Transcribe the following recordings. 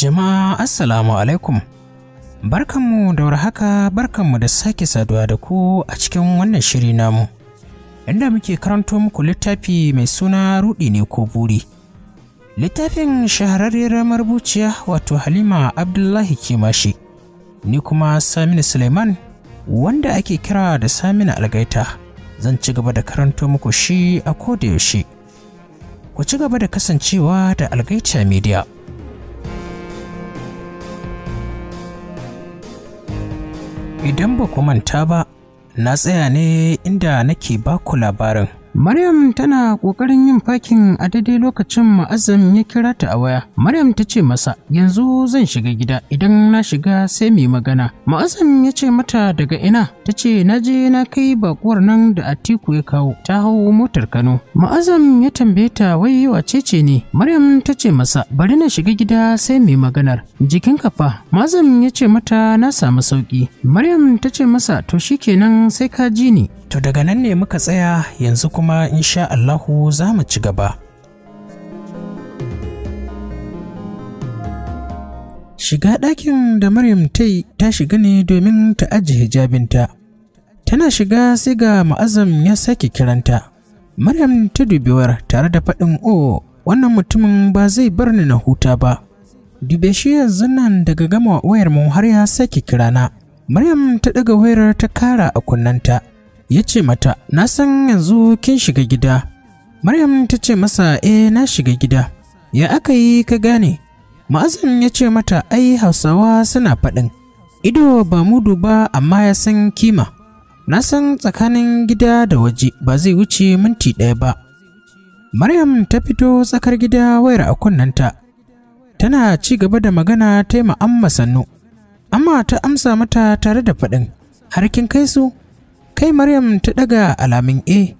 Jama'a Assalamu alaikum. Barkanmu da haka barkanmu da sake saduwa da ku a cikin wannan shiri namu. Inda muke karanto muku littafi mai suna Rudi ne ko buri. Littafin shahararriyar marubuciya wato Halima Abdullahi Kimashi. Ni kuma Saminu Suleiman wanda ake kira da Saminu Algaita. Zan ci gaba da karanto muku shi a koda yaushe. Ku ci gaba da kasancewa da Algaita Media. Idan ba ku manta ba, na tsaya ne inda nake baku labarin Maryam tana ƙoƙarin yin fakin a daidai lokacin ma'azam ya kira ta a waya. Maryam ta ce masa, yanzu zan shiga gida idan na shiga sai mai magana. Ma'azam ya ce mata daga ina, ta ce na je na kai bakuwar nan da Atiku ya kawo, ta hau motar Kano. Ma'azam ya tambaye ta wai wace ce ne? Maryam ta ce masa, bari na shiga gida sai mai maganar. Jikin kafa, Ma'azam ya ce mata na samu sauki. Maryam ta ce masa, to shikenan sai ka ji ni. To daga nan ne muka tsaya yanzu kuma insha Allahu za mu ci gaba. Shiga ɗakin da Maryam ta ta shiga ne domin ta ajiye hijabinta. Tana shiga sai ga ma'azam ya sake kiranta. Maryam ta dubewar tare da faɗin o wannan mutumin ba zai bar ni na huta ba. Dube shi yanzu nan daga gama wayar mu har ya sake kirana. Maryam ta ɗaga wayar ta kara a kunnanta. ya ce mata na san yanzu kin shiga gida maryam ta ce masa eh na shiga gida ya aka yi ka gane ma'azin ya ce mata ai hausawa suna faɗin ido ba mudu ba amma ya san kima na san tsakanin gida da waje ba zai wuce minti ɗaya ba maryam ta fito tsakar gida wayar a kunnanta tana ci gaba da magana ta yi amma sannu amma ta amsa mata tare da faɗin har kin kai su kai maryam ta daga alamin a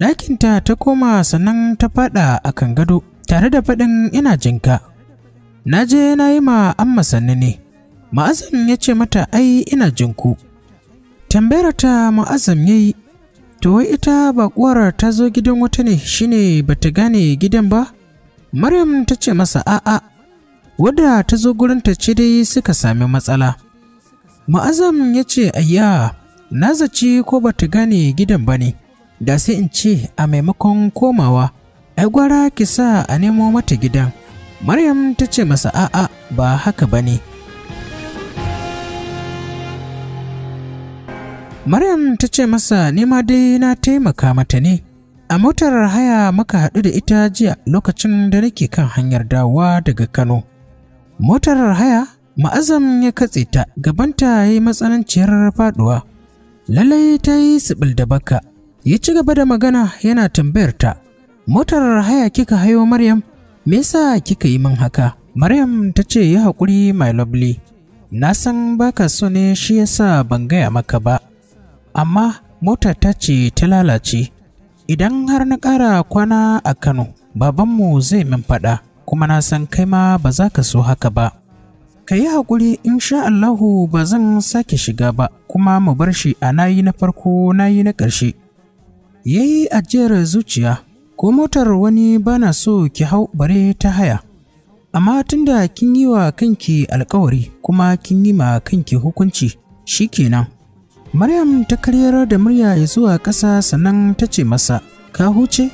ɗakinta ta koma sannan ta faɗa a kan gado tare da faɗin ina jinka na je na yi ma amma sannu ne ma'azam ya ce mata ai ina jinku tambayar ta ma'azam ya yi to wai ita bakuwar ta zo gidan wata ne shine bata gane gidan ba maryam ta ce masa a'a wadda ta zo ta ce dai suka sami matsala ma'azam ya ce ayya na zaci ko ba ta gane gidan ba ne da sai in ce a maimakon komawa ai gwara ki sa a nemo mata gidan maryam ta ce masa a'a ba haka ba ne maryam ta ce masa nema dai na taimaka mata ne a motar haya muka haɗu da ita jiya lokacin da nake kan hanyar dawowa daga kano motar haya ma'azam ya katse ta gabanta ya yi matsananciyar faduwa. Lallai ta yi sibil da baka, ya ci gaba da magana yana tambayar ta, motar haya kika hayo Maryam, me yasa kika yi min haka? Maryam ta ce ya haƙuri my lovely, na san baka so ne shi yasa ban gaya maka ba, amma motar ta ce ta lalace, idan har na ƙara kwana a Kano, babanmu zai min faɗa, kuma na san kai ma ba za ka so haka ba. ka yi haƙuri insha Allahu ba zan sake shiga ba kuma mu bar shi a nayi na farko nayi na ƙarshe. Ya yi ajiyar zuciya, ko motar wani bana so ki hau bare ta haya. Amma tunda kin yi wa kanki alkawari kuma kin yi ma kanki hukunci, shi kenan. Maryam ta karyar da murya ya zuwa ƙasa sannan ta ce masa, ka huce?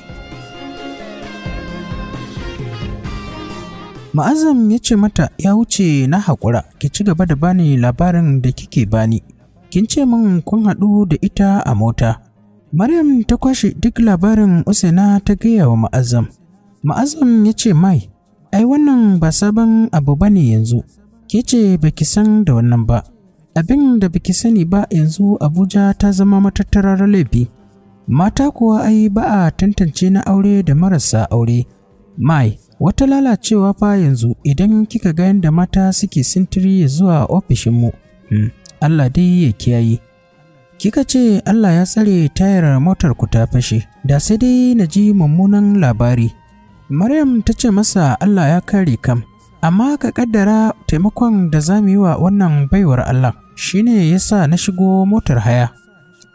Ma'azam ya ce mata ya wuce na haƙura ki ci gaba da bani labarin da kike bani. Kin ce min kun haɗu da ita a mota. Maryam ta kwashe duk labarin Usaina ta gaya wa Ma'azam. Ma'azam ya ce mai, ai wannan ba sabon abu ba ne yanzu, ke ce ba ki san da wannan ba. Abin da ba sani ba yanzu Abuja ta zama matattarar laifi. Mata kuwa ai ba a tantance na aure da marasa aure. Mai, wata lalacewa fa yanzu idan kika ga yadda mata suke sintiri zuwa ofishinmu hmm. Allah dai ya kiyaye kika ce Allah ya tsare tayar motar ku ta fashe da sai dai na ji mummunan labari Maryam ta ce masa Allah ya kare kam amma ka kaddara taimakon da za mu yi wa wannan baiwar Allah shine sa na shigo motar haya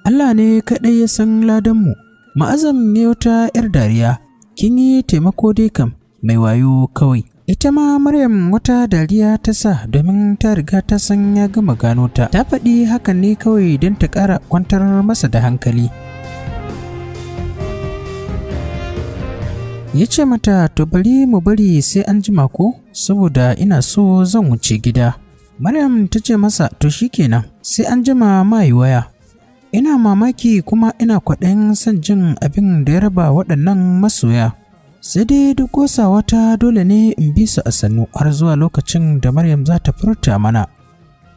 Allah ne kaɗai ya san ladanmu ma'azam ne wata 'yar dariya kin yi taimako dai kam mai wayo kawai ita ma maryam wata dariya ta sa domin ta riga ta san ya gama gano ta ta faɗi hakan ne kawai don ta ƙara kwantar masa da hankali ya ce mata to bari mu bari sai an jima ko saboda ina so zan wuce gida maryam ta ce masa to shi kenan, sai an jima mai waya ina mamaki kuma ina kwaɗayin son jin abin da ya raba waɗannan masoya sai dai duk kosawa ta dole ne in bi su a sannu har zuwa lokacin da maryam za ta furta mana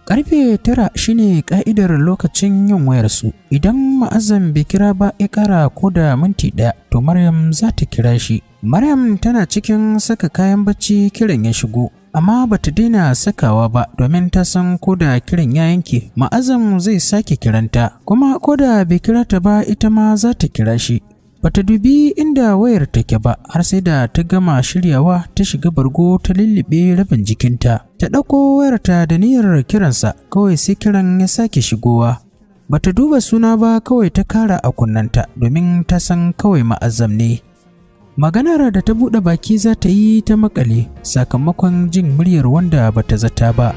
Karfe tara shine ka'idar lokacin yin wayarsu idan ma'azan bai kira ba ya kara ko da minti ɗaya to maryam za ta kira shi maryam tana cikin saka kayan bacci kiran ya shigo amma ba ta daina sakawa ba domin ta san ko da kiran ya yanke ma'azam zai sake kiranta kuma ko da bai kira ta ba ita ma za ta kira shi Bata dubi inda wayar take ba har sai da ta gama shiryawa ta shiga bargo ta lullube rabin jikinta. Ta ɗauko wayarta da niyyar kiransa kawai sai kiran ya sake shigowa. Bata duba suna ba kawai ta kara a kunnanta domin ta san kawai ma'azam ne. Maganar da ta buɗe baki za ta yi ta makale sakamakon jin muryar wanda bata zata ba.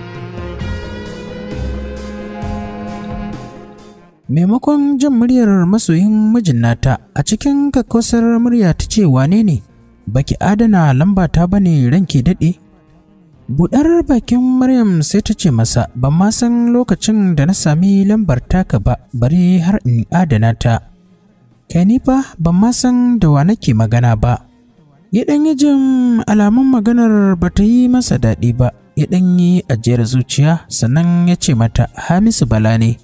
maimakon jin muryar masoyin mijin nata a cikin kakkosar murya ta ce wane ne baki adana lambata ba ne ranke daɗe buɗar bakin maryam sai ta ce masa ban ma san lokacin da na sami lambar taka ba bari har in adana ta kai ni fa ban ma san da wa nake magana ba ya dan yi jin alamun maganar ba ta yi masa daɗi ba ya dan yi ajiyar zuciya sannan ya ce mata hamisu bala ne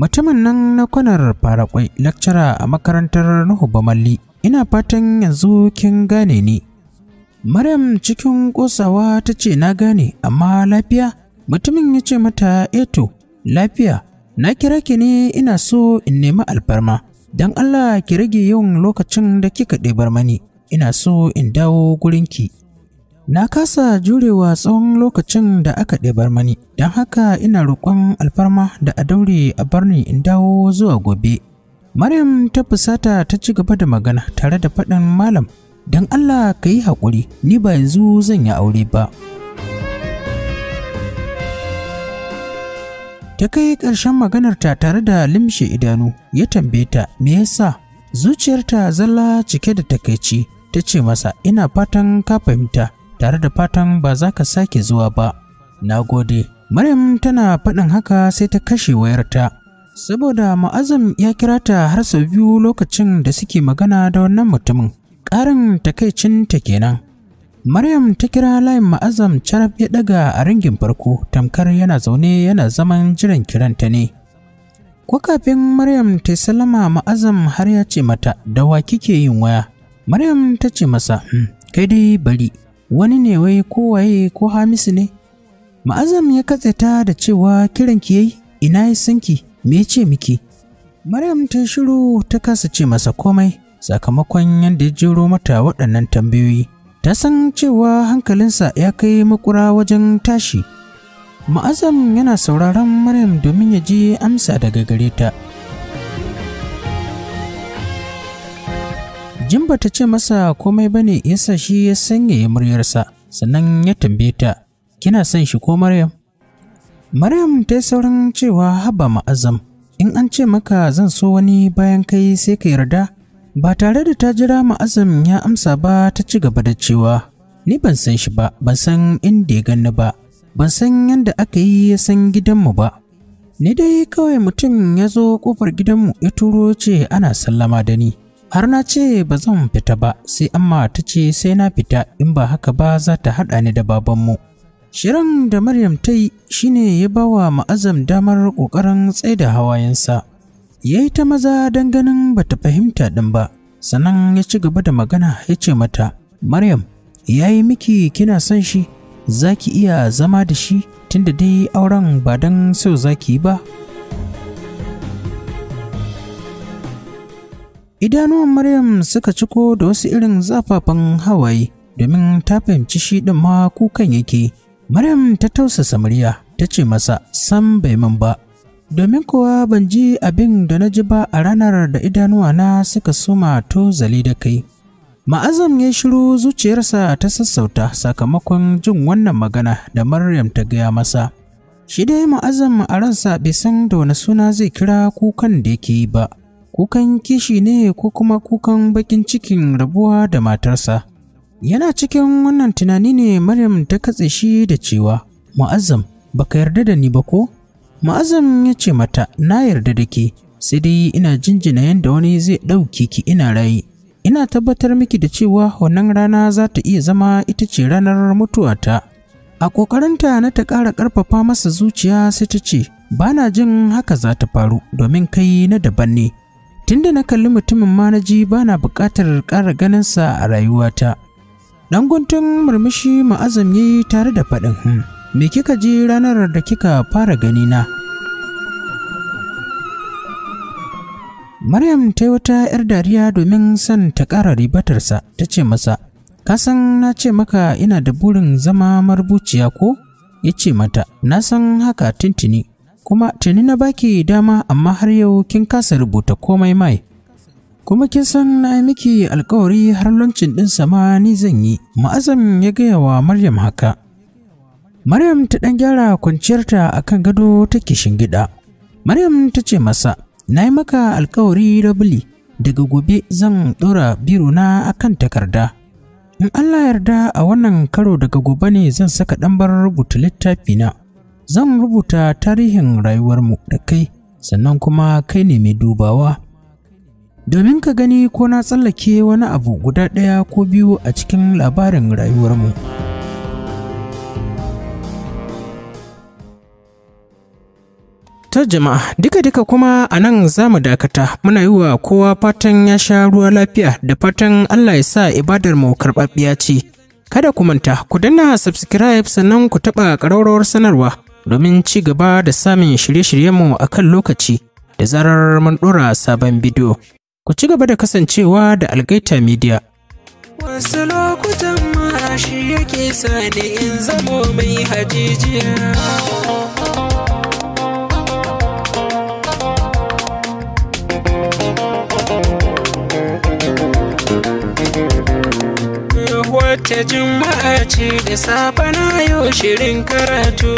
mutumin nan na kwanar farakwai lakcara a makarantar Nuhu Bamalli ina fatan yanzu kin gane ni Maryam cikin kosawa ta ce na gane amma lafiya mutumin ya ce mata eto eh lafiya na kira ki ne ina so in nemi alfarma don Allah ki rage yawan lokacin da kika ɗebar mani ina so in dawo ki. Na kasa jurewa tsawon lokacin da aka ɗebar mani, don haka ina roƙon alfarma da a daure a bar in dawo zuwa gobe. Maryam ta fusata ta ci gaba da magana tare da faɗin malam, don Allah ka yi haƙuri, ni ba yanzu zan yi aure ba. Ta kai ƙarshen maganarta tare da limshe idanu, ya tambaye ta me yasa zuciyarta zalla cike da takaici ta ce masa ina fatan ka fahimta tare da fatan ba za ka sake zuwa ba na gode maryam tana faɗin haka sai ta kashe wayarta saboda ma'azam ya kira ta har sau biyu lokacin da suke magana da wannan mutumin ƙarin ta kenan maryam ta kira layin ma'azam carab ya ɗaga a ringin farko tamkar yana zaune yana zaman jiran kiranta ne ko kafin maryam ta salama ma'azam har ya ce mata da wa kike yin waya maryam ta ce masa hmm, kai dai bari wani ne wai ko waye ko hamisu ne ma'azam ya katse ta da cewa kiranki yayi ina ya sanki me ya ce miki maryam ta shiru ta kasa ce masa komai sakamakon yadda ya jero mata waɗannan tambayoyi ta san cewa hankalinsa ya kai makura wajen tashi ma'azam yana sauraron maryam domin ya ji amsa daga gare ta Jin ta ce masa komai ba ne yasa shi ya sanyaya muryarsa sannan ya tambaye ta, Kina son shi ko Maryam? Maryam ta yi saurin cewa haba ma'azam, in an ce maka zan so wani bayan kai sai ka yarda, ba tare da ta jira ma'azam ya amsa ba ta ci gaba da cewa, Ni ban san shi ba, ban san inda ya ganni ba, ban san yadda aka yi ya san gidanmu ba. Ni dai kawai mutum ya zo ƙofar gidanmu ya turo ce ana sallama da ni. har na ce ba zan fita ba sai amma ta ce sai na fita in ba haka ba za ta haɗa ni da babanmu shirin da maryam ta yi shine ya ba wa ma'azam damar ƙoƙarin tsaida hawayensa ya yi ta maza don ganin ba ta fahimta ɗin ba sannan ya ci gaba da magana ya ce mata maryam ya yi miki kina son shi za ki iya zama da shi tunda dai auren ba don so za ki yi ba Idanuwan Maryam suka ciko da wasu irin zafafan hawaye domin ta fahimci shi ɗin ma kukan yake. Maryam ta tausasa murya ta ce masa "San bai min ba. Domin kuwa ban ji abin da na ji ba a ranar da idanuwa na suka suma to zali da kai. Ma'azam ya shiru zuciyarsa ta sassauta sakamakon jin wannan magana da Maryam ta gaya masa. Shi dai ma'azam a ransa bai san da wani suna zai kira kukan da yake ba, kukan kishi ne ko kuma kukan bakin cikin rabuwa da matarsa yana cikin wannan tunani ne maryam ta katse shi da cewa mu'azzam baka yarda da ni ba ko Ma'azam ya ce mata na yarda da ke sai dai ina jinjina yadda wani zai ɗauke ki ina rayu ina tabbatar miki da cewa wannan rana za ta iya zama ita ce ranar mutuwata a ƙoƙarinta na ta ƙara ƙarfafa masa zuciya sai ta ce ba na jin haka za ta faru domin kai na daban ne tunda na kalli mutumin ma na ji ba na buƙatar ƙara ganinsa a rayuwata ɗan guntun murmushi ma'azam yi tare da faɗin hin hmm, me kika ji ranar da kika fara gani na? maryam ta yi wata 'yar dariya domin son ta ƙara ribatarsa ta ce masa ka san na ce maka ina da burin zama marubuciya ko ya ce mata na san haka tuntuni kuma tuni na baki dama amma har yau kin kasa rubuta komai mai kuma kin san na miki alkawari har lancin ɗin sama ni zan yi ma'azam ya gaya wa maryam haka maryam ta ɗan gyara kwanciyarta a kan gado take shingida maryam ta ce masa na yi maka alkawari rabili daga gobe zan ɗora biro na akan takarda in allah yarda a wannan karo daga gobe ne zan saka ɗanbar rubuta littafi na zan rubuta tarihin rayuwarmu da kai sannan kuma kai ne mai dubawa domin ka gani ko na tsallake wani abu guda ɗaya ko biyu a cikin labarin rayuwarmu ta jama'a duka-duka kuma a nan za mu dakata muna yi wa kowa fatan ya sha ruwa lafiya da fatan allah ya sa ibadar mu karɓaɓɓiya ce kada ku manta ku danna subscribe sannan ku taɓa ƙararrawar sanarwa domin ci gaba da samun shirye-shiryenmu a kan lokaci da zarar mun ɗora sabon bidiyo. Ku ci gaba da kasancewa da Algaita Media. Wasu lokutan shi yake sani in zamo mai hajijiya. wata juma'a ce da safe na yau shirin karatu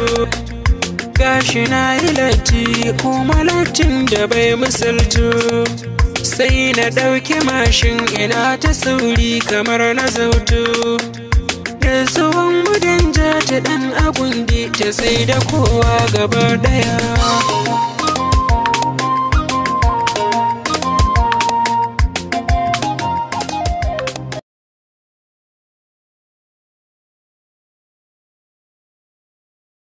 tashi na yi latti ko lattin da bai misaltu sai na ɗauki mashin ina ta sauri kamar na zautu da tsohon mudan ja ta ɗan agundi ta sai da kowa gaba ɗaya